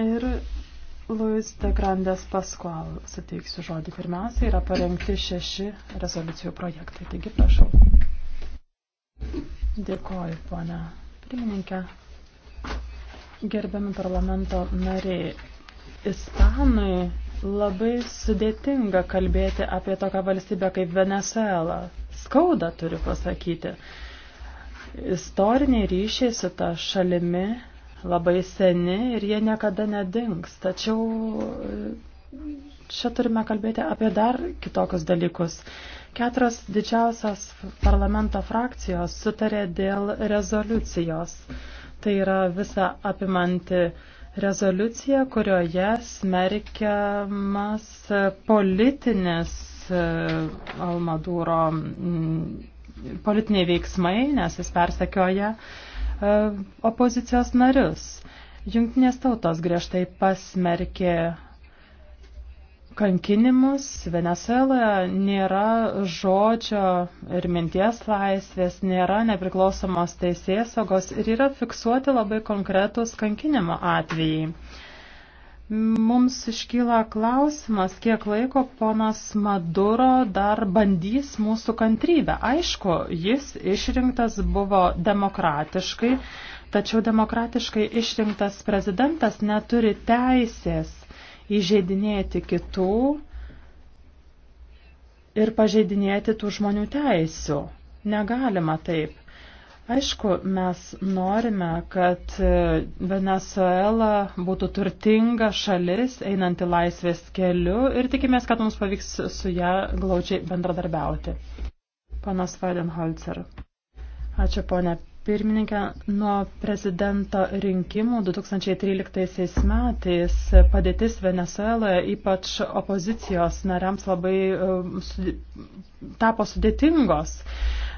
Ir Luis de Grandes Pascual suteiksiu žodį. Pirmiausia, yra parengti šeši rezoliucijų projektai. Taigi, prašau. Dėkoju, ponia pirmininkė. Gerbiami parlamento nariai, Ispanai labai sudėtinga kalbėti apie tokią valstybę kaip Venezuela. Skauda, turiu pasakyti. Istoriniai ryšiai su ta šalimi labai seni ir jie niekada nedings. Tačiau e, čia turime kalbėti apie dar kitokius dalykus. Keturios didžiausios parlamento frakcijos sutarė dėl rezoliucijos. Tai yra visa apimanti rezoliucija, kurioje smerkiamas politinis e, Almadūro politiniai veiksmai, nes jis persekioja uh, E, opozicijos narius. Junktinės tautos griežtai pasmerkė kankinimus. Venezuela nėra žodžio ir minties laisvės, nėra nepriklausomos teisės saugos ir yra fiksuoti labai konkretus kankinimo atvejai. Mums iškyla klausimas, kiek laiko ponas Maduro dar bandys mūsų kantrybę. Aišku, jis išrinktas buvo demokratiškai, tačiau demokratiškai išrinktas prezidentas neturi teisės įžeidinėti kitų ir pažeidinėti tų žmonių teisių. Negalima taip. Aišku, mes norime, kad e, Venezuela būtų turtinga šalis, einanti laisvės keliu ir tikimės, kad mums pavyks su ją glaučiai bendradarbiauti. Panas Weidenholzer. Ačiū, ponė pirmininkė. Nuo prezidento rinkimų 2013 metais padėtis Venezueloje, ypač opozicijos nariams, labai e, tapo sudėtingos.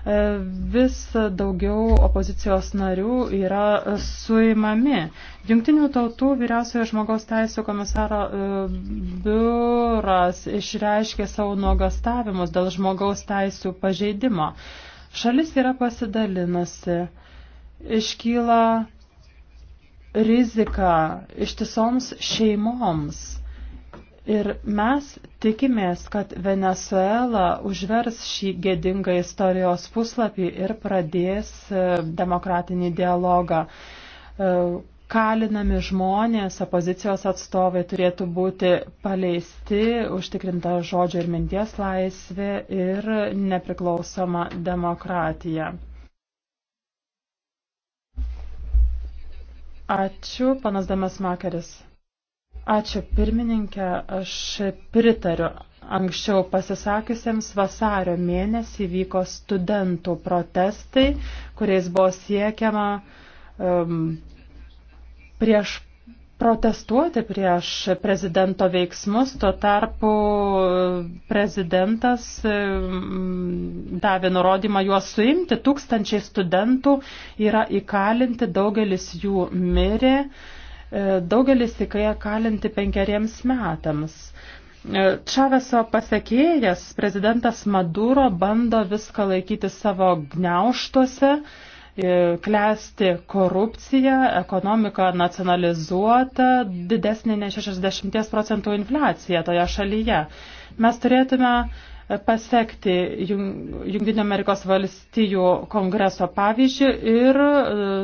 E, vis daugiau opozicijos narių yra suimami. Junktinių tautų vyriausiojo žmogaus teisų komisaro e, biuras išreiškė savo nuogastavimus dėl žmogaus teisų pažeidimo. Šalis yra pasidalinusi. Iškyla rizika ištisoms šeimoms Ir mes tikimės, kad Venezuela užvers šį gėdingą istorijos puslapį ir pradės e, demokratinį dialogą. E, kalinami žmonės, opozicijos atstovai turėtų būti paleisti, užtikrinta žodžio ir minties laisvė ir nepriklausoma demokratija. Ačiū, panas Damas Makeris. Ačiū pirmininkė, aš pritariu anksčiau pasisakiusiems vasario mėnesį vyko studentų protestai, kuriais buvo siekiama um, prieš protestuoti prieš prezidento veiksmus, tuo tarpu prezidentas um, davė nurodymą juos suimti, tūkstančiai studentų yra įkalinti, daugelis jų mirė. E, daugelis įkai kalinti penkeriems metams. E, Čaveso pasiekėjas prezidentas Maduro bando viską laikyti savo gniauštuose, e, klesti korupcija, ekonomika nacionalizuota, didesnė nei 60 procentų infliacija toje šalyje. Mes turėtume pasiekti Junktinio Amerikos valstijų kongreso pavyzdžių ir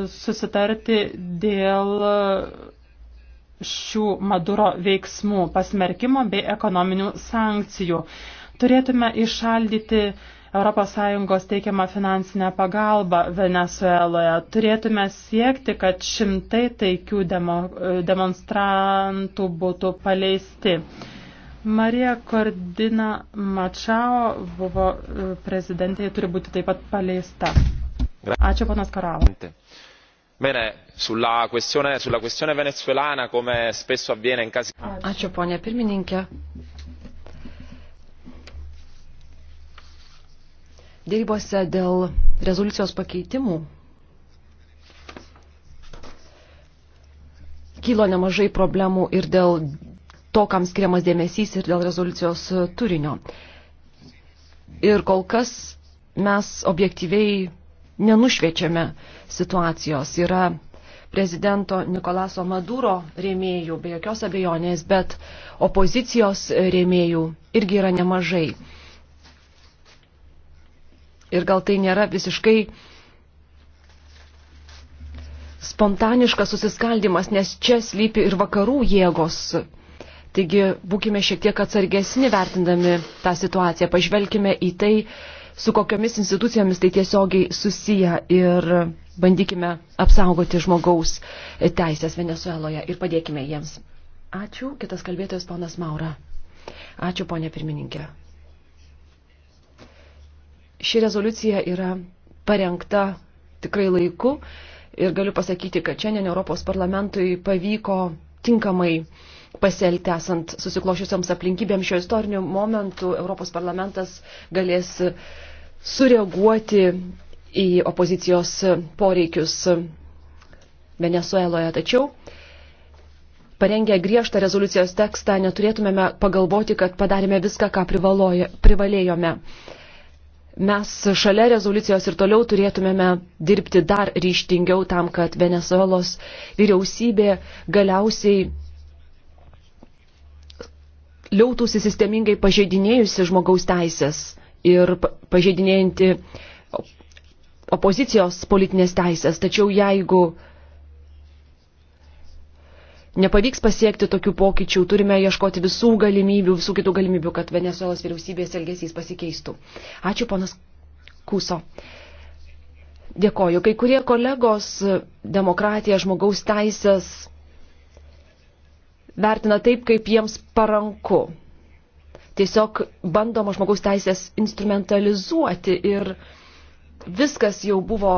susitarti dėl šių Maduro veiksmų pasmerkimo bei ekonominių sankcijų. Turėtume išaldyti ES teikiamą finansinę pagalbą Venezueloje. Turėtume siekti, kad šimtai taikių demo, demonstrantų būtų paleisti. Marija Kordina Mačao buvo e, prezidentė, turi būti taip pat paleista. Ačiū, ponas Karalantė sulla questione, sulla questione venezuelana come spesso avviene in casi. Ačiū ponė pirmininkė. Dėrybose dėl rezoliucijos pakeitimų kylo nemažai problemų ir dėl to, kam skiriamas dėmesys ir dėl rezoliucijos turinio. Ir kol kas mes objektyviai nenušviečiame situacijos. Yra prezidento Nikolaso Maduro rėmėjų, be jokios abejonės, bet opozicijos rėmėjų irgi yra nemažai. Ir gal tai nėra visiškai spontaniškas susiskaldimas, nes čia slypi ir vakarų jėgos. Taigi būkime šiek tiek atsargesni vertindami tą situaciją, pažvelkime į tai, su kokiomis institucijomis tai tiesiogiai susiję ir bandykime apsaugoti žmogaus teisės Venezueloje ir padėkime jiems. Ačiū. Kitas kalbėtojas ponas Maura. Ačiū, ponė pirmininkė. Ši rezoliucija yra parengta tikrai laiku ir galiu pasakyti, kad šiandien Europos parlamentui pavyko tinkamai uh, pasielgti esant susiklošiusiams aplinkybėms šio istoriniu momentu Europos parlamentas galės sureaguoti į opozicijos poreikius Venezueloje. Tačiau parengę griežtą rezoliucijos tekstą neturėtumėme pagalvoti, kad padarėme viską, ką privalėjome. Mes šalia rezoliucijos ir toliau turėtumėme dirbti dar ryštingiau tam, kad Venezuelos vyriausybė galiausiai liautųsi sistemingai pažeidinėjusi žmogaus teisės ir pažeidinėjanti opozicijos politinės teisės. Tačiau jeigu nepavyks pasiekti tokių pokyčių, turime ieškoti visų galimybių, visų kitų galimybių, kad Venezuelos vyriausybės elgesys pasikeistų. Ačiū, ponas Kūso. Dėkoju. Kai kurie kolegos demokratiją, žmogaus teisės vertina taip, kaip jiems paranku. Tiesiog bandoma žmogaus teisės instrumentalizuoti ir viskas jau buvo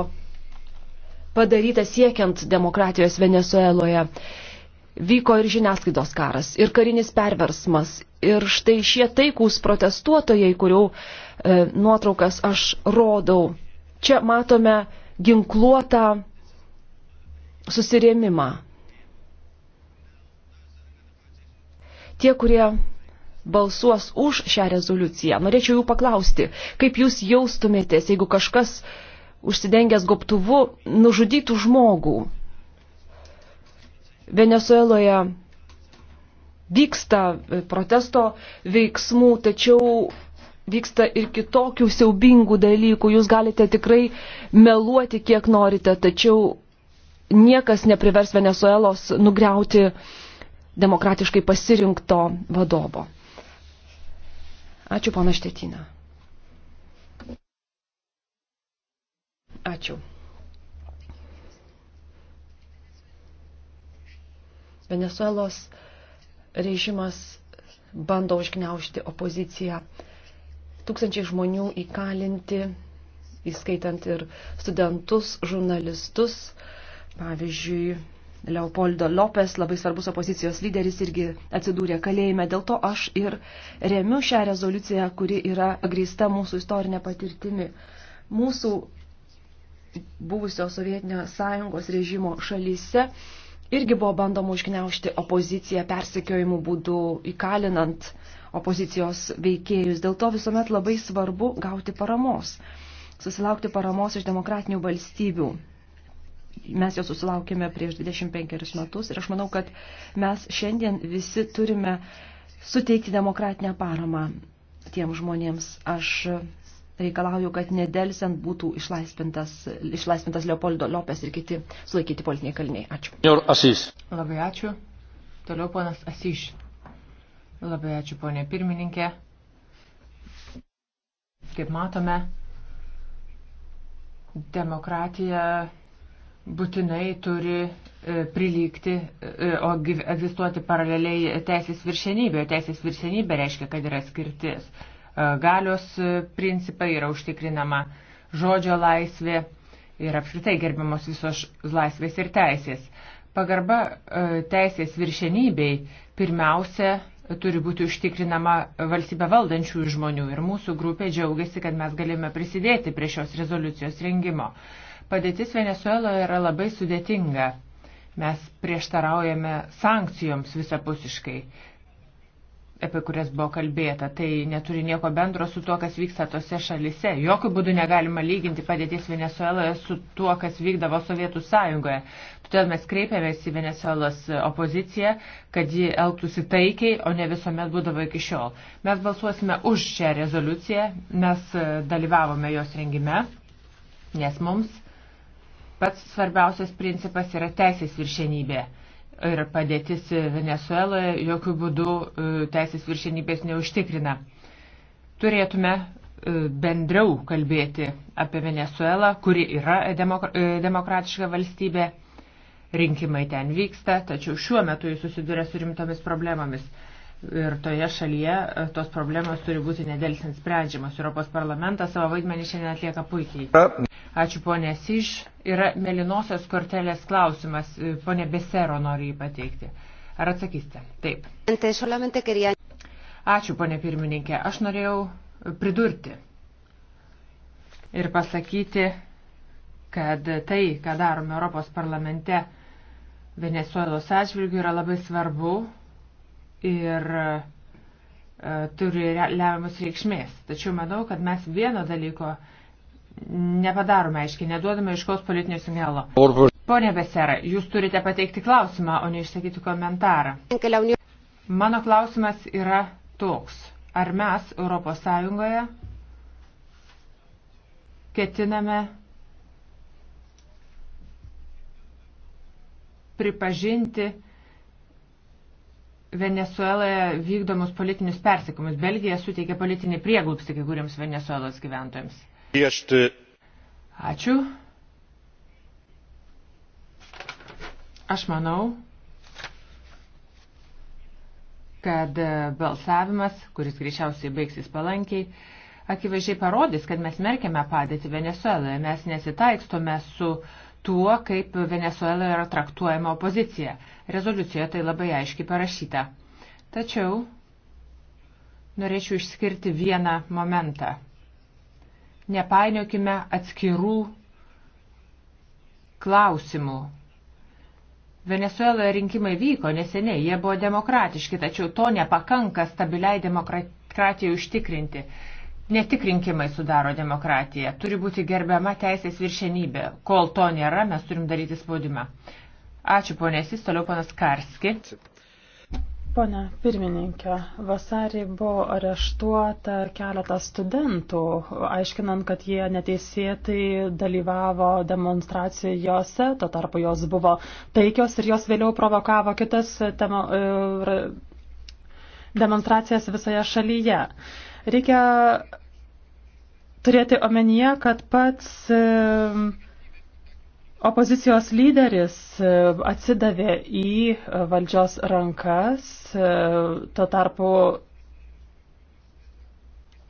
padaryta siekiant demokratijos Venezueloje. Vyko ir žiniasklaidos karas, ir karinis perversmas, ir štai šie taikūs protestuotojai, kurių e, nuotraukas aš rodau. Čia matome ginkluotą susirėmimą. tie, kurie balsuos už šią rezoliuciją. Norėčiau jų paklausti, kaip jūs jaustumėtės, jeigu kažkas užsidengęs gobtuvu nužudytų žmogų. Venezueloje vyksta protesto veiksmų, tačiau vyksta ir kitokių siaubingų dalykų. Jūs galite tikrai meluoti, kiek norite, tačiau niekas neprivers Venezuelos nugriauti uh, demokratiškai pasirinkto vadovo. Ačiū, pana Štetina. Ačiū. Venezuelos režimas bando užgniaužti opoziciją. Tūkstančiai žmonių įkalinti, įskaitant ir studentus, žurnalistus, pavyzdžiui, Leopoldo Lopes, labai svarbus opozicijos lyderis, irgi atsidūrė kalėjime. Dėl to aš ir remiu šią rezoliuciją, kuri yra grįsta mūsų istorinė patirtimi. Mūsų buvusio Sovietinio sąjungos režimo šalyse irgi buvo bandoma užkneušti opoziciją persekiojimų būdu, įkalinant opozicijos veikėjus. Dėl to visuomet labai svarbu gauti paramos, susilaukti paramos iš demokratinių valstybių Mes jo susilaukėme prieš 25 metus ir aš manau, kad mes šiandien visi turime suteikti demokratinę paramą tiem žmonėms. Aš reikalauju, kad nedelsiant būtų išlaisvintas, išlaisvintas Leopoldo Lopes ir kiti sulaikyti politiniai kaliniai. Ačiū. Asys. Labai ačiū. Toliau ponas Asyš. Labai ačiū, ponė pirmininkė. Kaip matome, demokratija būtinai turi e, prilygti, e, o egzistuoti paraleliai teisės viršenybė. O teisės viršenybė reiškia, kad yra skirtis. E, galios principai yra užtikrinama žodžio laisvė ir apskritai gerbiamos visos laisvės ir teisės. Pagarba teisės viršenybei pirmiausia turi būti užtikrinama valstybę valdančių žmonių ir mūsų grupė džiaugiasi, kad mes galime prisidėti prie šios rezoliucijos rengimo. Padėtis Venezueloje yra labai sudėtinga. Mes prieštaraujame sankcijoms visapusiškai, apie kurias buvo kalbėta. Tai neturi nieko bendro su tuo, kas vyksta tose šalise. Jokių būdų negalima lyginti padėties Venezueloje su tuo, kas vykdavo Sovietų sąjungoje. Todėl mes kreipėmės į Venezuelos opoziciją, kad ji elgtųsi taikiai, o ne visuomet būdavo iki šiol. Mes balsuosime už šią rezoliuciją, mes dalyvavome jos rengime, nes mums Pats svarbiausias principas yra teisės viršenybė. Ir padėtis Venezueloje jokių būdų e, teisės viršenybės neužtikrina. Turėtume e, bendriau kalbėti apie Venezuelą, kuri yra e, demokratiška valstybė. Rinkimai ten vyksta, tačiau šiuo metu jis susiduria su rimtomis problemomis ir toje šalyje e, tos problemos turi būti nedelsint sprendžiamas. Europos parlamentas savo vaidmenį šiandien atlieka puikiai. Ačiū ponė Siž. Yra melinosios kortelės klausimas. E, Pone Besero nori jį pateikti. Ar atsakysite? Taip. Ačiū ponė pirmininkė. Aš norėjau pridurti ir pasakyti, kad tai, ką darome Europos parlamente Venezuelos atžvilgių, yra labai svarbu ir e, turi lemiamus reikšmės. Tačiau manau, kad mes vieno dalyko nepadarome aiškiai, neduodame iškaus politinio signalo. Pone Besera, jūs turite pateikti klausimą, o ne išsakyti komentarą. Mano klausimas yra toks. Ar mes Europos Sąjungoje ketiname pripažinti Venezueloje vykdomus politinius persiekimus. Belgija suteikė politinį prieglupstį kai kuriems Venezuelos gyventojams. E, Ačiū. Aš manau, kad e, balsavimas, kuris greičiausiai baigsis palankiai, akivaizdžiai parodys, kad mes merkiame padėti Venezueloje. Mes nesitaikstome su uh, tuo, kaip Venezuela yra traktuojama opozicija. Rezoliucijoje tai labai aiškiai parašyta. Tačiau norėčiau išskirti vieną momentą. Nepainiokime atskirų klausimų. Venezueloje rinkimai vyko neseniai, jie buvo demokratiški, tačiau to nepakanka stabiliai demokratijai užtikrinti. Ne tik rinkimai sudaro demokratiją, turi būti gerbiama teisės viršenybė. Kol to nėra, mes turim daryti spaudimą. Ačiū ponėsis, toliau ponas Karski. Pone pirmininkė, vasarį buvo areštuota keletas studentų, aiškinant, kad jie neteisėtai dalyvavo demonstracijose, to tarpu jos buvo taikios ir jos vėliau provokavo kitas temo, e, demonstracijas visoje šalyje. Reikia turėti omenyje, kad pats e, opozicijos lyderis e, atsidavė į e, valdžios rankas, tuo tarpu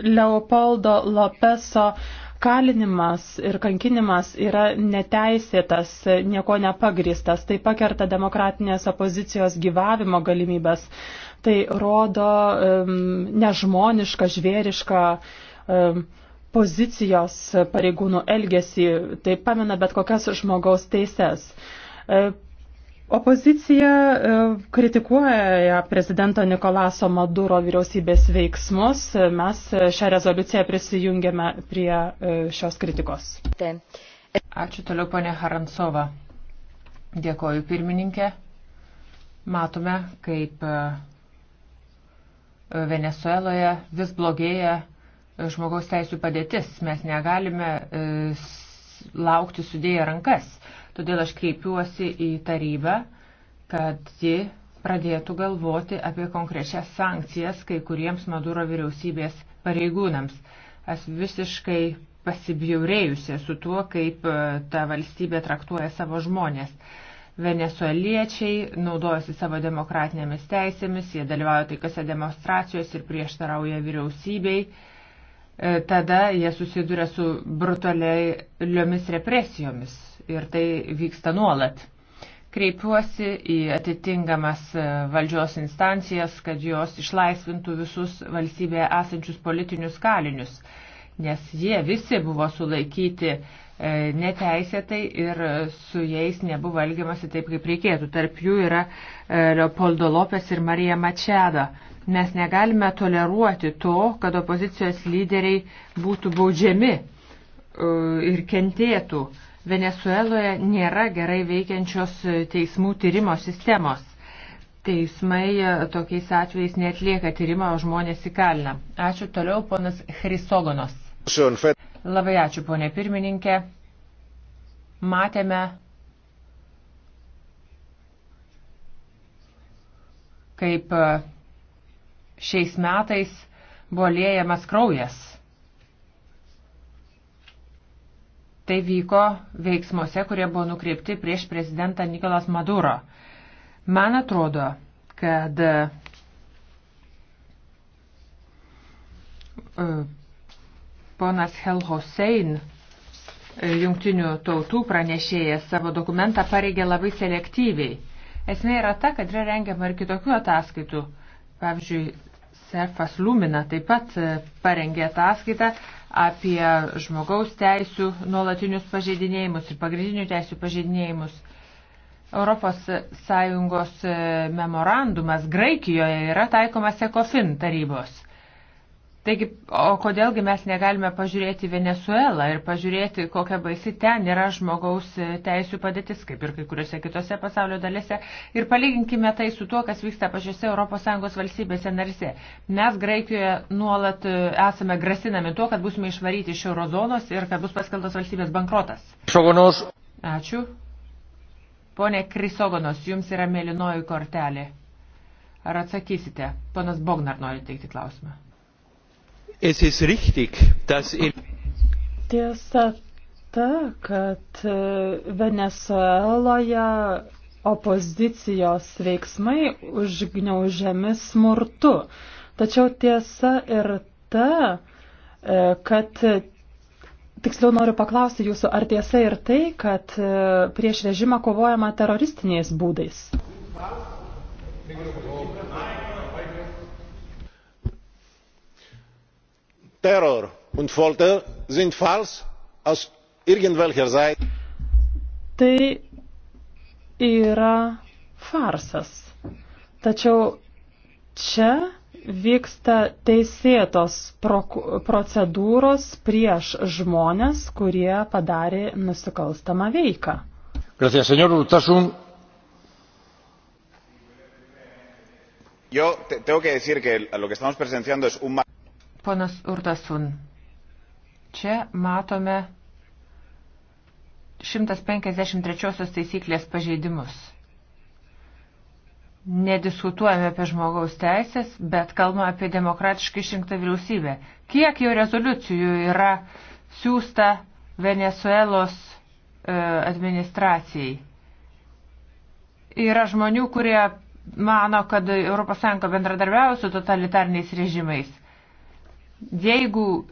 Leopoldo Lopeso kalinimas ir kankinimas yra neteisėtas, nieko nepagristas, tai pakerta demokratinės opozicijos gyvavimo galimybės, tai rodo um, nežmonišką, žvėrišką um, pozicijos pareigūnų elgesį, tai pamena bet kokias žmogaus teises. E, opozicija e, kritikuoja prezidento Nikolaso Maduro vyriausybės veiksmus. E, mes šią rezoliuciją prisijungiame prie šios kritikos. Ačiū toliau, ponė Harantsova. Dėkoju, pirmininkė. Matome, kaip Venezueloje vis blogėja žmogaus teisų padėtis. Mes negalime e, laukti sudėję rankas. Todėl aš kreipiuosi į tarybą, kad ji pradėtų galvoti apie konkrečias sankcijas kai kuriems Maduro vyriausybės pareigūnams. Aš visiškai pasibjaurėjusi su tuo, kaip e, ta valstybė traktuoja savo žmonės. Venezueliečiai naudojasi savo demokratinėmis teisėmis, jie dalyvauja taikose demonstracijos ir prieštarauja vyriausybei tada jie susiduria su brutaliomis represijomis ir tai vyksta nuolat. Kreipiuosi į atitinkamas valdžios instancijas, kad jos išlaisvintų visus valstybėje esančius politinius kalinius, nes jie visi buvo sulaikyti e, neteisėtai ir su jais nebuvo elgiamasi taip, kaip reikėtų. Tarp jų yra e, Leopoldo Lopes ir Marija Mačeda Mes negalime toleruoti to, kad opozicijos lyderiai būtų baudžiami e, ir kentėtų. Venezueloje nėra gerai veikiančios teismų tyrimo sistemos. Teismai e, tokiais atvejais netlieka tyrimą, o žmonės įkalina. Ačiū toliau, ponas Chrisogonos. Labai ačiū, ponė pirmininkė. Matėme, kaip e, šiais metais buvo lėjamas kraujas. Tai vyko veiksmuose, kurie buvo nukreipti prieš prezidentą Nikolas Maduro. Man atrodo, kad e, ponas Hel Hosein, e, jungtinių tautų pranešėjas, savo dokumentą pareigė labai selektyviai. Esmė yra ta, kad yra rengiama ir kitokių ataskaitų. Pavyzdžiui, Serfas Lumina taip pat e, parengė ataskaitą apie žmogaus teisų nuolatinius pažeidinėjimus ir pagrindinių teisų pažeidinėjimus. ES e, memorandumas Graikijoje yra taikomas ECOFIN tarybos. Taigi, o kodėlgi mes negalime pažiūrėti Venezuelą ir pažiūrėti, kokia baisi ten yra žmogaus e, teisų padėtis, kaip ir kai kuriuose kitose pasaulio dalise, ir palyginkime tai su tuo, kas vyksta pačiose ES valstybėse narise. Mes Graikijoje nuolat e, esame grasinami tuo, kad būsime išvaryti iš eurozonos ir kad bus paskeltas valstybės bankrotas. Šogonos. Ačiū. Pone Krisogonos, jums yra mėlynoji kortelė. Ar atsakysite? Ponas Bognar nori teikti klausimą. Es ist richtig, dass in Tiesa ta, kad e, Venezueloje opozicijos veiksmai užgniaužiami smurtu. Tačiau tiesa ir ta, e, kad Tiksliau noriu paklausti jūsų, ar tiesa ir tai, kad e, prieš režimą kovojama teroristiniais būdais? terror und folter sind falsch aus irgendwelcher Seite. Tai yra farsas. Tačiau čia vyksta teisėtos procedūros prieš žmonės, kurie padarė nusikalstamą veiką. Gracias, señor Urtasun. Yo tengo que decir que lo que estamos presenciando es un Ponas Urtasun, čia matome 153 taisyklės pažeidimus. Nediskutuojame apie žmogaus teisės, bet kalbame apie demokratiškai išrinktą vyriausybę. Kiek jau rezoliucijų yra siūsta Venezuelos e, administracijai? Yra žmonių, kurie mano, kad ES bendradarbiavo su totalitarniais režimais. Jeigu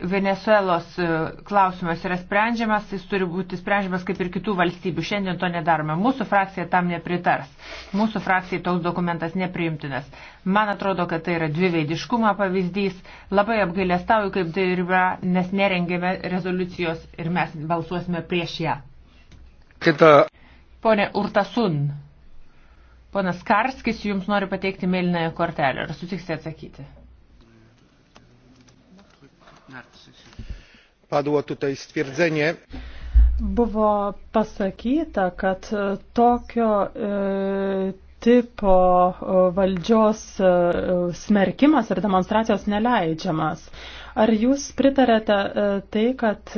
Venezuelos e, klausimas yra sprendžiamas, jis turi būti sprendžiamas kaip ir kitų valstybių. Šiandien to nedarome. Mūsų frakcija tam nepritars. Mūsų frakcijai toks dokumentas nepriimtinas. Man atrodo, kad tai yra dviveidiškumo pavyzdys. Labai apgailestauju, kaip tai yra, nes nerengėme rezoliucijos ir mes balsuosime prieš ją. Kita. Pone Urtasun, ponas Karskis jums nori pateikti mėlynąją kortelę. Ar sutiksite atsakyti? Padło tutaj stwierdzenie. Buvo pasakyta, kad tokio e, tipo e, valdžios e, smerkimas ir demonstracijos neleidžiamas. Ar jūs pritarėte e, tai, kad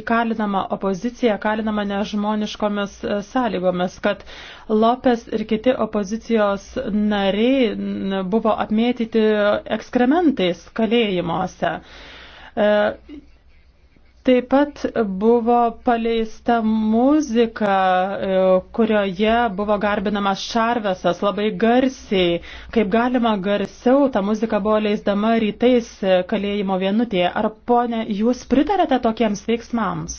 įkalinama opozicija, kalinama nežmoniškomis sąlygomis, kad Lopes ir kiti opozicijos nariai buvo apmėtyti ekskrementais kalėjimuose? E, taip pat buvo paleista muzika, e, kurioje buvo garbinamas Šarvesas labai garsiai, kaip galima garsiau, ta muzika buvo leisdama rytais kalėjimo vienutėje. Ar ponė, jūs pritarėte tokiems veiksmams?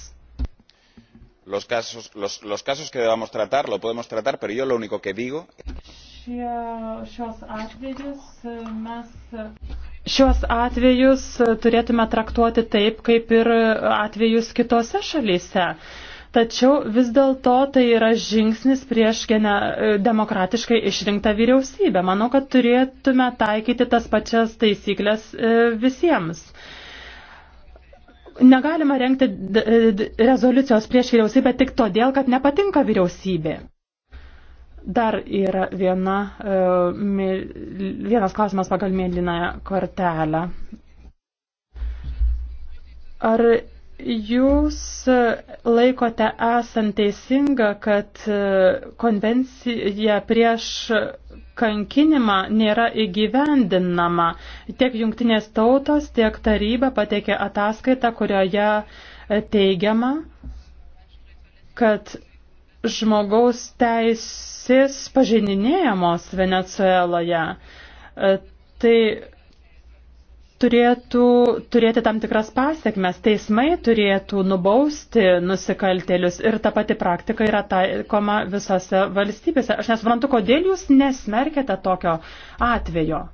Los casos, los, los casos que debamos tratar, lo podemos tratar, pero yo lo único que digo. Šie, šios atvejus mes Šiuos atvejus turėtume traktuoti taip, kaip ir atvejus kitose šalyse. Tačiau vis dėlto tai yra žingsnis prieš gene, e, demokratiškai išrinktą vyriausybę. Manau, kad turėtume taikyti tas pačias taisyklės e, visiems. Negalima renkti e, rezoliucijos prieš vyriausybę tik todėl, kad nepatinka vyriausybė. Dar yra viena, e, vienas klausimas pagal mėlynąją kortelę. Ar jūs laikote esant teisinga, kad e, konvencija prieš kankinimą nėra įgyvendinama? Tiek jungtinės tautos, tiek taryba pateikė ataskaitą, kurioje e, teigiama, kad žmogaus teisės pažeidinėjamos Venecueloje. E, tai turėtų turėti tam tikras pasiekmes. Teismai turėtų nubausti nusikaltelius ir ta pati praktika yra taikoma visose valstybėse. Aš nesuprantu, kodėl jūs nesmerkėte tokio atvejo.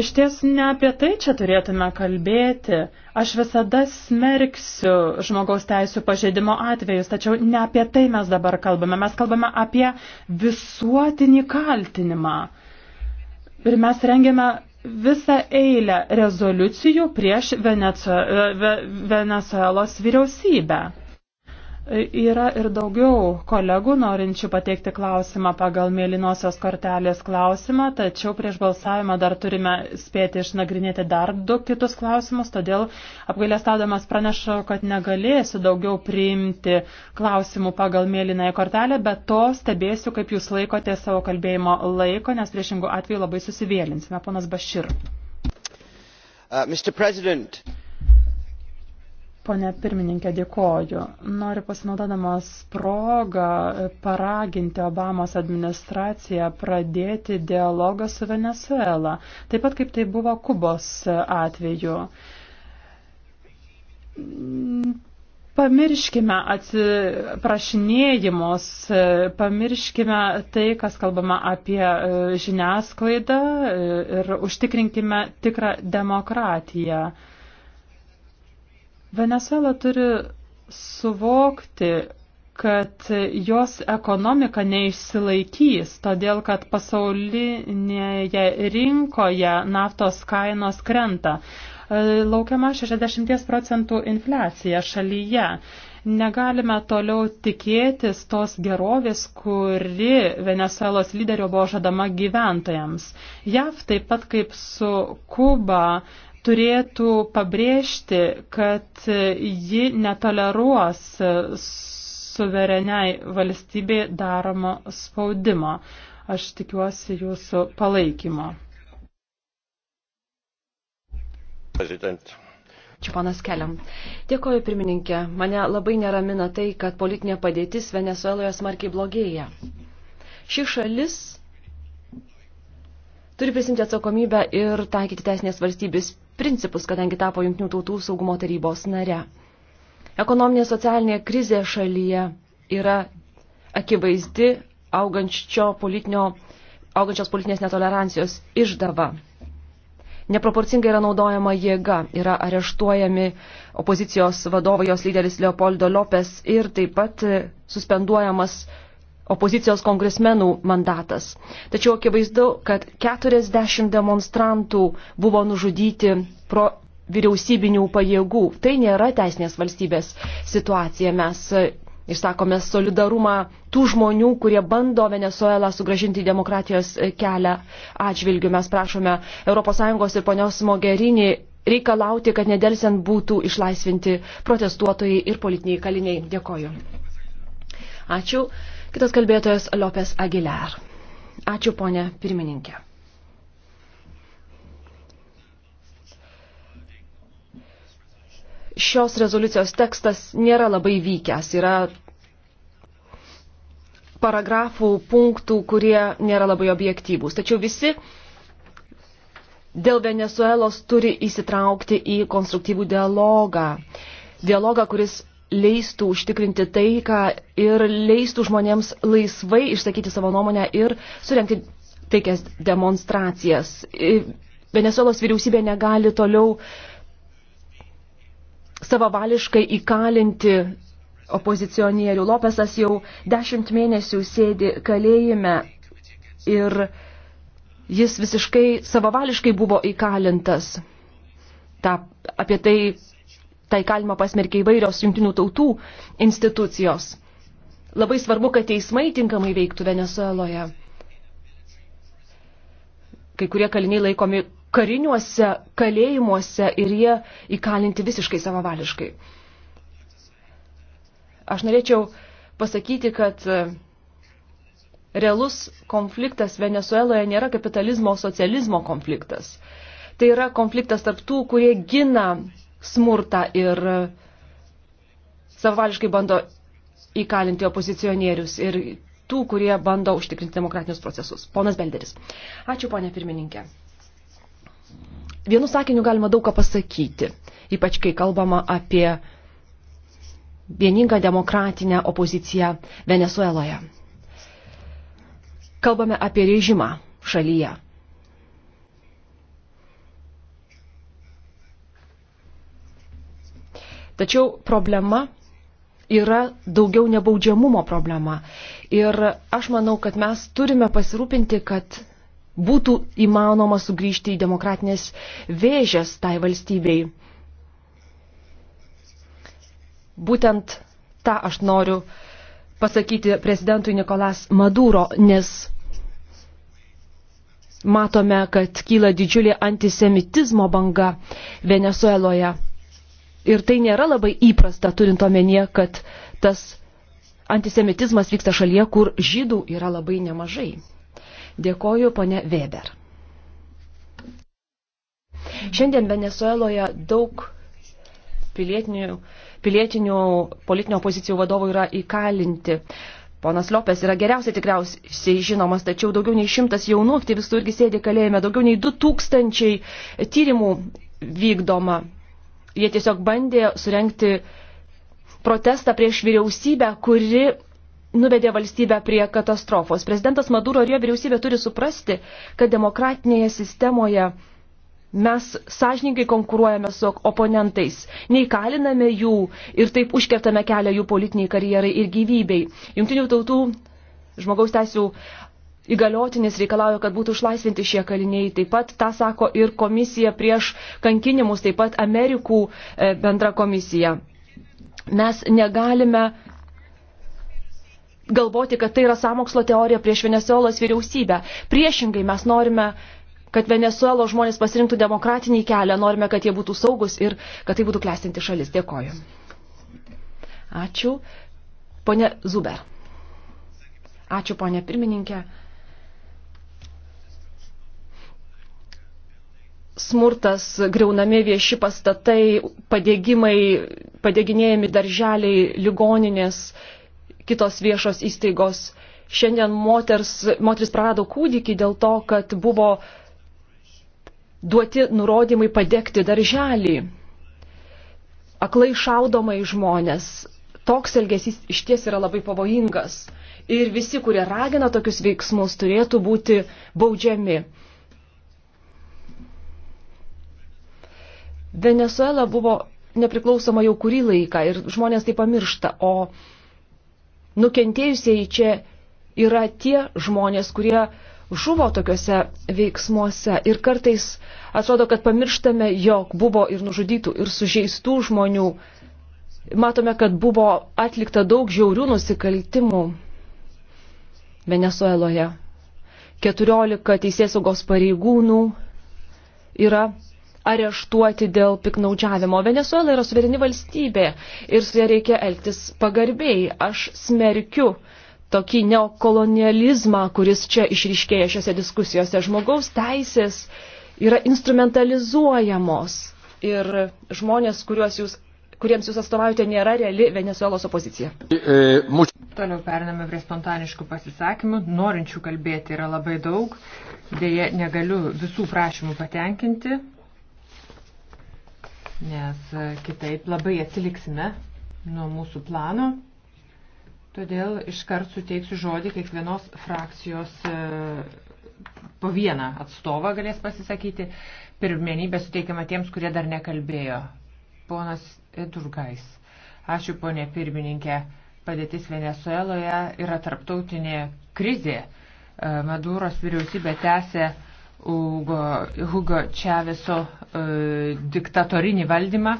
Iš ties ne apie tai čia turėtume kalbėti. Aš visada smerksiu žmogaus teisų pažeidimo atvejus, tačiau ne apie tai mes dabar kalbame. Mes kalbame apie visuotinį kaltinimą. Ir mes rengiame visą eilę rezoliucijų prieš Venezuelos vyriausybę. Yra ir daugiau kolegų norinčių pateikti klausimą pagal mėlynosios kortelės klausimą, tačiau prieš balsavimą dar turime spėti išnagrinėti dar du kitus klausimus, todėl apgailestaudamas pranešu, kad negalėsiu daugiau priimti klausimų pagal mėlynąją kortelę, bet to stebėsiu, kaip jūs laikote savo kalbėjimo laiko, nes priešingų atveju labai susivėlinsime. Ponas Bašir. Uh, Pone pirmininkė, dėkoju. Noriu pasinaudodamas progą paraginti Obamos administraciją pradėti dialogą su Venezuela, taip pat kaip tai buvo Kubos atveju. Pamirškime atsiprašinėjimus, pamirškime tai, kas kalbama apie e, žiniasklaidą e, ir užtikrinkime tikrą demokratiją. Venezuela turi suvokti, kad jos ekonomika neišsilaikys, todėl kad pasaulinėje rinkoje naftos kainos krenta. E, laukiama 60 procentų infliacija šalyje. Negalime toliau tikėtis tos gerovės, kuri Venezuelos lyderio buvo žadama gyventojams. JAV taip pat kaip su Kuba turėtų pabrėžti, kad ji netoleruos suvereniai valstybei daromo spaudimo. Aš tikiuosi jūsų palaikymo. Prezident. Čia panas Keliam. Dėkoju pirmininkė. Mane labai neramina tai, kad politinė padėtis Venezueloje smarkiai blogėja. Ši šalis turi prisimti atsakomybę ir taikyti teisinės valstybės principus, kadangi tapo Junktinių tautų saugumo tarybos nare. Ekonominė socialinė krizė šalyje yra akivaizdi augančio politinio, augančios politinės netolerancijos išdava. Neproporcingai yra naudojama jėga, yra areštuojami opozicijos vadovai, jos lyderis Leopoldo Lopes ir taip pat suspenduojamas opozicijos kongresmenų mandatas. Tačiau akivaizdu, kad 40 demonstrantų buvo nužudyti pro vyriausybinių pajėgų. Tai nėra teisinės valstybės situacija. Mes e, išsakome solidarumą tų žmonių, kurie bando Venezuelą sugražinti į demokratijos e, kelią atžvilgių. Mes prašome ES ir ponios Mogherini reikalauti, kad nedelsiant būtų išlaisvinti protestuotojai ir politiniai kaliniai. Dėkoju. Ačiū. Kitas kalbėtojas Lopes Aguilar. Ačiū, ponė pirmininkė. Šios rezoliucijos tekstas nėra labai vykęs, yra paragrafų, punktų, kurie nėra labai objektyvūs. Tačiau visi dėl Venezuelos turi įsitraukti į konstruktyvų dialogą. Dialogą, kuris leistų užtikrinti taiką ir leistų žmonėms laisvai išsakyti savo nuomonę ir surenkti taikias demonstracijas. Venezuelos vyriausybė negali toliau savavališkai įkalinti opozicionierių. Lopesas jau dešimt mėnesių sėdi kalėjime ir jis visiškai savavališkai buvo įkalintas. Ta, apie tai tai kalima pasmerkė įvairios jungtinių tautų institucijos. Labai svarbu, kad teismai tinkamai veiktų Venezueloje. Kai kurie kaliniai laikomi kariniuose kalėjimuose ir jie įkalinti visiškai savavališkai. Aš norėčiau pasakyti, kad e, realus konfliktas Venezueloje nėra kapitalizmo socializmo konfliktas. Tai yra konfliktas tarp tų, kurie gina smurtą ir savališkai bando įkalinti opozicionierius ir tų, kurie bando užtikrinti demokratinius procesus. Ponas Belderis. Ačiū, ponė pirmininkė. Vienu sakiniu galima daug ką pasakyti, ypač kai kalbama apie vieningą demokratinę opoziciją Venezueloje. Kalbame apie režimą šalyje Tačiau problema yra daugiau nebaudžiamumo problema. Ir aš manau, kad mes turime pasirūpinti, kad būtų įmanoma sugrįžti į demokratinės vėžės tai valstybei. Būtent tą aš noriu pasakyti prezidentui Nikolas Maduro, nes matome, kad kyla didžiulė antisemitizmo banga Venezueloje ir tai nėra labai įprasta, turint omenyje, kad tas antisemitizmas vyksta šalyje, kur žydų yra labai nemažai. Dėkoju, ponė Weber. Šiandien Venezueloje daug pilietinių, pilietinių politinio opozicijų vadovų yra įkalinti. Ponas Lopes yra geriausiai tikriausiai žinomas, tačiau daugiau nei šimtas jaunų aktyvistų irgi sėdi kalėjime, daugiau nei du tūkstančiai tyrimų vykdoma Jie tiesiog bandė surenkti protestą prieš vyriausybę, kuri nuvedė valstybę prie katastrofos. Prezidentas Maduro ir jo vyriausybė turi suprasti, kad demokratinėje sistemoje mes sąžininkai konkuruojame su oponentais, neįkaliname jų ir taip užkertame kelią jų politiniai karjerai ir gyvybei. Jungtinių tautų žmogaus teisų įgaliotinis reikalauja, kad būtų išlaisvinti šie kaliniai. Taip pat tą sako ir komisija prieš kankinimus, taip pat Amerikų e, bendra komisija. Mes negalime galvoti, kad tai yra samokslo teorija prieš Venezuelos vyriausybę. Priešingai mes norime kad Venezuelos žmonės pasirinktų demokratinį kelią, norime, kad jie būtų saugus ir kad tai būtų klestinti šalis. Dėkoju. Ačiū. Pone Zuber. Ačiū, ponė pirmininkė. smurtas, greunami vieši pastatai, padėgymai, padėginėjami darželiai, ligoninės, kitos viešos įstaigos. Šiandien moters, moteris prarado kūdikį dėl to, kad buvo duoti nurodymai padegti darželį. Aklai šaudomai žmonės. Toks elgesys iš ties yra labai pavojingas. Ir visi, kurie ragina tokius veiksmus, turėtų būti baudžiami. Venezuela buvo nepriklausoma jau kurį laiką ir žmonės tai pamiršta, o nukentėjusiai čia yra tie žmonės, kurie žuvo tokiuose veiksmuose ir kartais atrodo, kad pamirštame, jog buvo ir nužudytų, ir sužeistų žmonių. Matome, kad buvo atlikta daug žiaurių nusikaltimų Venezueloje. 14 teisėsaugos pareigūnų yra areštuoti dėl piknaudžiavimo. Venezuela yra suvereni valstybė ir su ja reikia elgtis pagarbiai. Aš smerkiu tokį neokolonializmą, kuris čia išryškėja šiose diskusijose. Žmogaus teisės yra instrumentalizuojamos ir žmonės, kuriuos jūs kuriems jūs atstovaujate, nėra reali Venezuelos opozicija. E, e, Toliau periname prie spontaniškų pasisakymų. Norinčių kalbėti yra labai daug. Deja, negaliu visų prašymų patenkinti nes e, kitaip labai atsiliksime nuo mūsų plano. Todėl iškart suteiksiu žodį kiekvienos frakcijos e, po vieną atstovą galės pasisakyti. Pirmenybė suteikiama tiems, kurie dar nekalbėjo. Ponas Edurgais. Ačiū, ponė pirmininkė. Padėtis Venezueloje yra tarptautinė krizė. E, Maduros vyriausybė tęsė Hugo, Hugo Čiaveso e, diktatorinį valdymą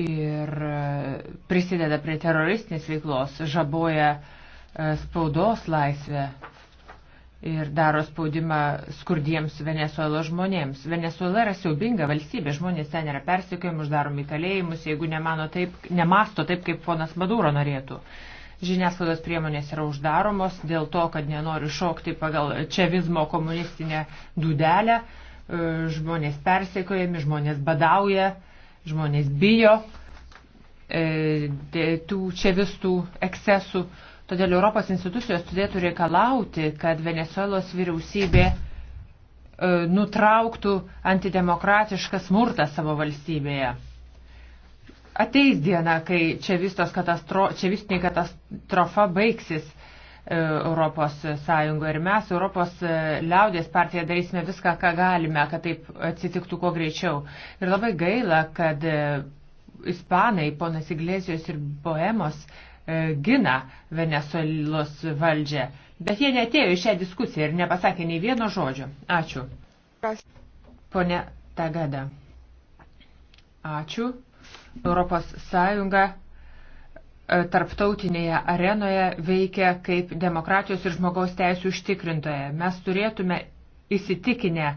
ir e, prisideda prie teroristinės veiklos, žaboja e, spaudos laisvę ir daro spaudimą skurdiems Venezuelos žmonėms. Venezuela yra siaubinga valstybė, žmonės ten yra persikiojami, uždaromi kalėjimus, jeigu nemano taip, nemasto taip, kaip ponas Maduro norėtų žiniasklaidos priemonės yra uždaromos dėl to, kad nenori šokti pagal čevizmo komunistinę dūdelę, e, žmonės persekojami, žmonės badauja, žmonės bijo e, tų čevistų ekscesų. Todėl Europos institucijos turėtų reikalauti, kad Venezuelos vyriausybė e, nutrauktų antidemokratišką smurtą savo valstybėje ateis diena, kai čia, katastro, čia vistinė katastrofa baigsis e, Europos Sąjungoje ir mes Europos e, liaudės partija darysime viską, ką galime, kad taip atsitiktų kuo greičiau. Ir labai gaila, kad e, Ispanai, ponas Iglesijos ir Boemos gina Venezuelos valdžią. Bet jie netėjo į šią diskusiją ir nepasakė nei vieno žodžio. Ačiū. Pone Tagada. Ačiū. ES e, tarptautinėje arenoje veikia kaip demokratijos ir žmogaus teisų užtikrintoje. Mes turėtume įsitikinę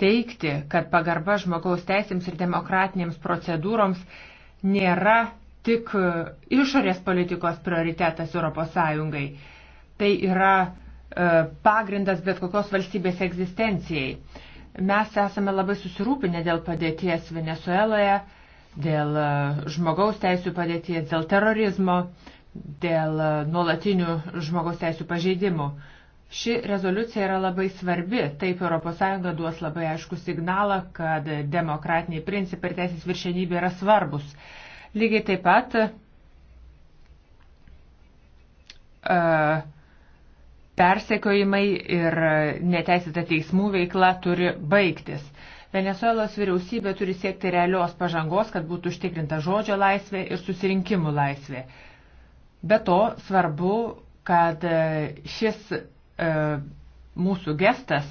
teikti, kad pagarba žmogaus teisėms ir demokratinėms procedūroms nėra tik išorės politikos prioritetas ES. Tai yra e, pagrindas bet kokios valstybės egzistencijai. Mes esame labai susirūpinę dėl padėties Venezueloje, dėl e, žmogaus teisų padėties, dėl terorizmo, dėl e, nuolatinių žmogaus teisų pažeidimų. Ši rezoliucija yra labai svarbi, taip ES duos labai aišku signalą, kad demokratiniai principai ir teisės viršenybė yra svarbus. Lygiai taip pat uh, persekiojimai ir neteisėta teismų veikla turi baigtis. Venezuelos vyriausybė turi siekti realios pažangos, kad būtų užtikrinta žodžio laisvė ir susirinkimų laisvė. Be to svarbu, kad e, šis e, mūsų gestas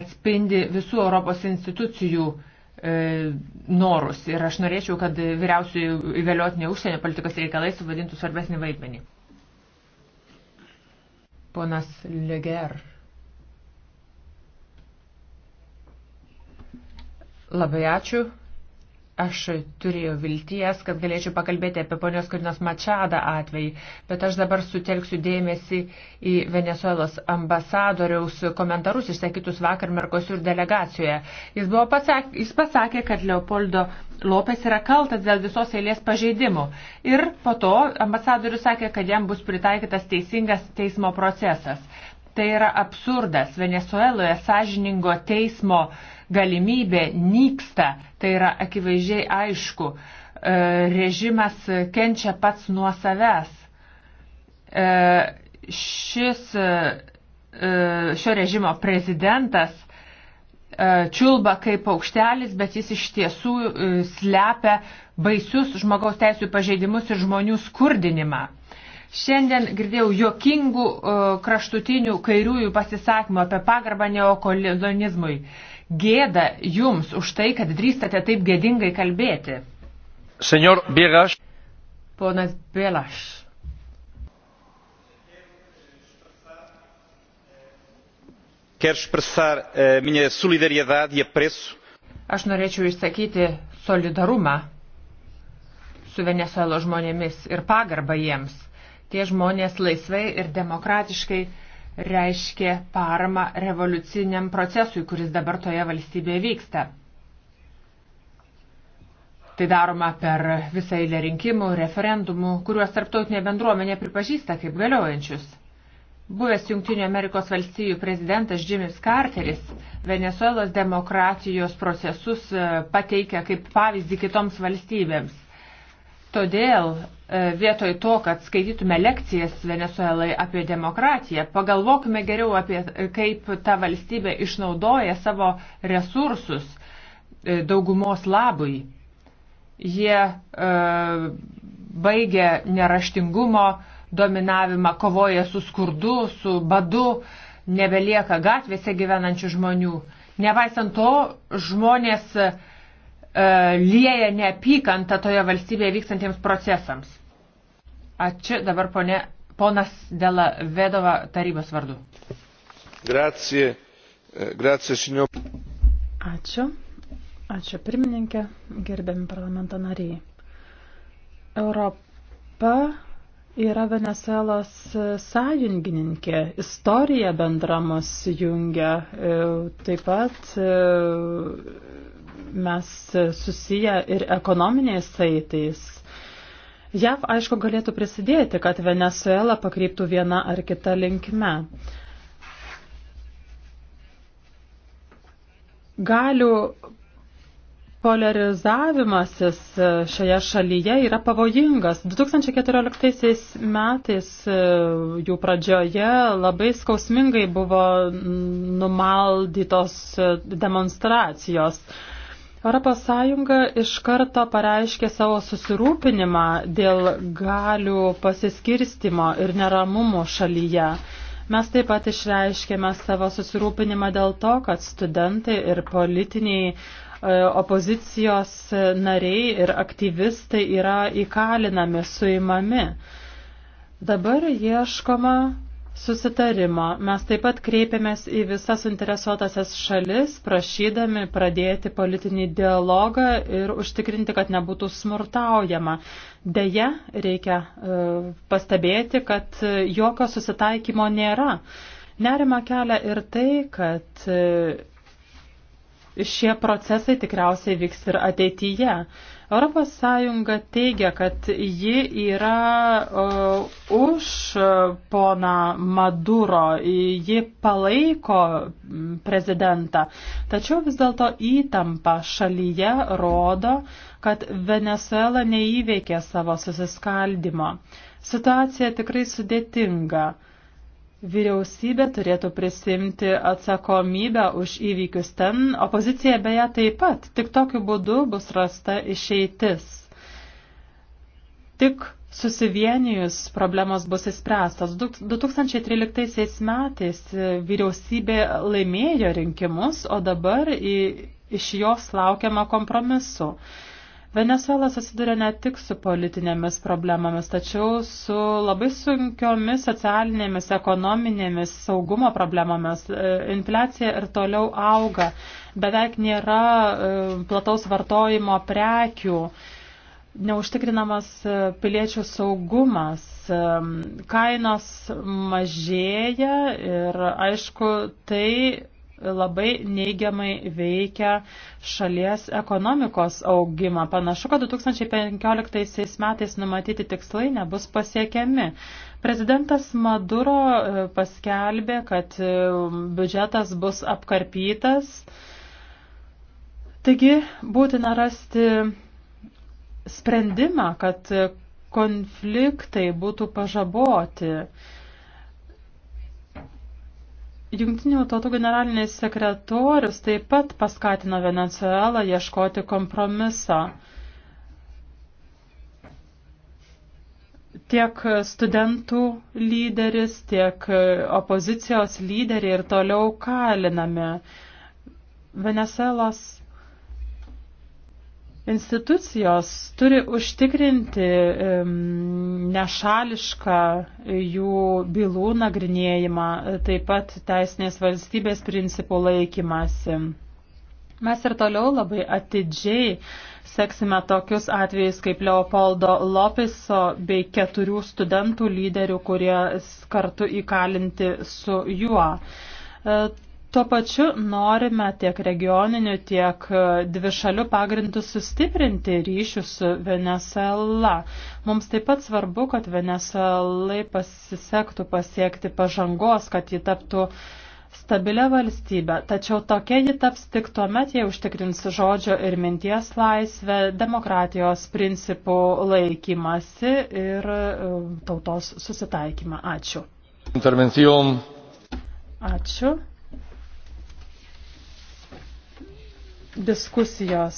atspindi visų Europos institucijų e, norus. Ir aš norėčiau, kad vyriausiųjų įgaliotinė užsienio politikos reikalai suvadintų svarbesnį vaidmenį. Ponas Leger. Labai ačiū. Aš turėjau vilties, kad galėčiau pakalbėti apie ponios Karinos Mačadą atvejį, bet aš dabar sutelksiu dėmesį į Venezuelos ambasadoriaus komentarus išsakytus vakar Merkosiur delegacijoje. Jis, pasakė, jis pasakė, kad Leopoldo Lopes yra kaltas dėl visos eilės pažeidimų. Ir po to ambasadorius sakė, kad jam bus pritaikytas teisingas teismo procesas. Tai yra absurdas. Venezueloje sąžiningo teismo uh, galimybė nyksta, tai yra akivaizdžiai aišku. E, režimas kenčia pats nuo savęs. E, šis, e, šio režimo prezidentas čiulba kaip aukštelis, bet jis iš tiesų slepia baisius žmogaus teisų pažeidimus ir žmonių skurdinimą. Šiandien girdėjau jokingų kraštutinių kairiųjų pasisakymų apie pagarbą neokolonizmui gėda jums už tai, kad drįstate taip gėdingai kalbėti. Senor Bėgaš. Ponas Bėlaš. Quero expressar a eh, minha solidariedade e apreço. Aš norėčiau išsakyti solidarumą su Venezuelos žmonėmis ir pagarbą jiems. Tie žmonės laisvai ir demokratiškai reiškė paramą revoliuciniam procesui, kuris dabar toje valstybėje vyksta. Tai daroma per visą eilę rinkimų, referendumų, kuriuos tarptautinė bendruomenė pripažįsta kaip galiojančius. Buvęs Junktinių Amerikos valstijų prezidentas Jimis Carteris Venezuelos demokratijos procesus e, pateikia kaip pavyzdį kitoms valstybėms. Todėl E, vietoj to, kad skaitytume lekcijas Venezuelai apie demokratiją, pagalvokime geriau apie, e, kaip ta valstybė išnaudoja savo resursus e, daugumos labui. Jie e, baigia neraštingumo dominavimą, kovoja su skurdu, su badu, nebelieka gatvėse gyvenančių žmonių. Nepaisant to, žmonės e, lieja neapykantą toje valstybėje vykstantiems procesams. Ačiū dabar ponė, ponas Dela Vedova tarybos vardu. Grazie. Eh, grazie, signor. Ačiū. Ačiū pirmininkė, gerbiami parlamento nariai. Europa yra Venezuelos sąjungininkė. Istorija bendra mus jungia. E, taip pat e, mes susiję ir ekonominiais saitais. JAV, aišku, galėtų prisidėti, kad Venezuela pakreiptų vieną ar kitą linkme. Galių polarizavimasis šioje šalyje yra pavojingas. 2014 metais e, jų pradžioje labai skausmingai buvo numaldytos e, demonstracijos. ES iš karto pareiškė savo susirūpinimą dėl galių pasiskirstimo ir neramumų šalyje. Mes taip pat išreiškėme savo susirūpinimą dėl to, kad studentai ir politiniai e, opozicijos nariai ir aktyvistai yra įkalinami, suimami. Dabar ieškoma susitarimo. Mes taip pat kreipiamės į visas suinteresuotasias šalis, prašydami pradėti politinį dialogą ir užtikrinti, kad nebūtų smurtaujama. Deja, reikia e, pastebėti, kad e, jokio susitaikymo nėra. Nerima kelia ir tai, kad e, šie procesai tikriausiai vyks ir ateityje. Europos Sąjunga teigia, kad ji yra uh, už poną Maduro, ji palaiko prezidentą. Tačiau vis dėlto įtampa šalyje rodo, kad Venezuela neįveikė savo susiskaldimo. Situacija tikrai sudėtinga. Uh, Vyriausybė turėtų prisimti atsakomybę už įvykius ten, opozicija beje taip pat. Tik tokiu būdu bus rasta išeitis. Tik susivienijus problemos bus įspręstas. 2013 metais vyriausybė laimėjo rinkimus, o dabar į, iš jos laukiama kompromisu. Venezuela susiduria ne tik su politinėmis problemomis, tačiau su labai sunkiomis socialinėmis, ekonominėmis, saugumo problemomis. E, infliacija ir toliau auga, beveik nėra e, plataus vartojimo prekių, neužtikrinamas e, piliečių saugumas, kainos mažėja ir aišku, tai labai neigiamai veikia šalies ekonomikos augimą. Panašu, kad 2015 metais numatyti tikslai nebus pasiekiami. Prezidentas Maduro e, paskelbė, kad e, biudžetas bus apkarpytas. Taigi būtina rasti sprendimą, kad e, konfliktai būtų pažaboti. Jungtinių tautų generalinis sekretorius taip pat paskatino Venezuelą ieškoti kompromiso. Tiek studentų lyderis, tiek opozicijos lyderiai ir toliau kalinami. Venezuelos Institucijos turi užtikrinti nešališką jų bylų nagrinėjimą, taip pat teisinės valstybės principų laikymasi. Mes ir toliau labai atidžiai seksime tokius atvejus kaip Leopoldo Lopiso bei keturių studentų lyderių, kurie kartu įkalinti su juo. E, Tuo pačiu norime tiek regioniniu, tiek e, dvišaliu pagrindu sustiprinti ryšius su Venezuela. Mums taip pat svarbu, kad Venezuelai pasisektų pasiekti pažangos, kad ji taptų stabilę valstybę. Tačiau tokia ji taps tik tuo met, jei užtikrins žodžio ir minties laisvę, demokratijos principų laikymasi ir e, tautos susitaikymą. Ačiū. Ačiū. diskusijos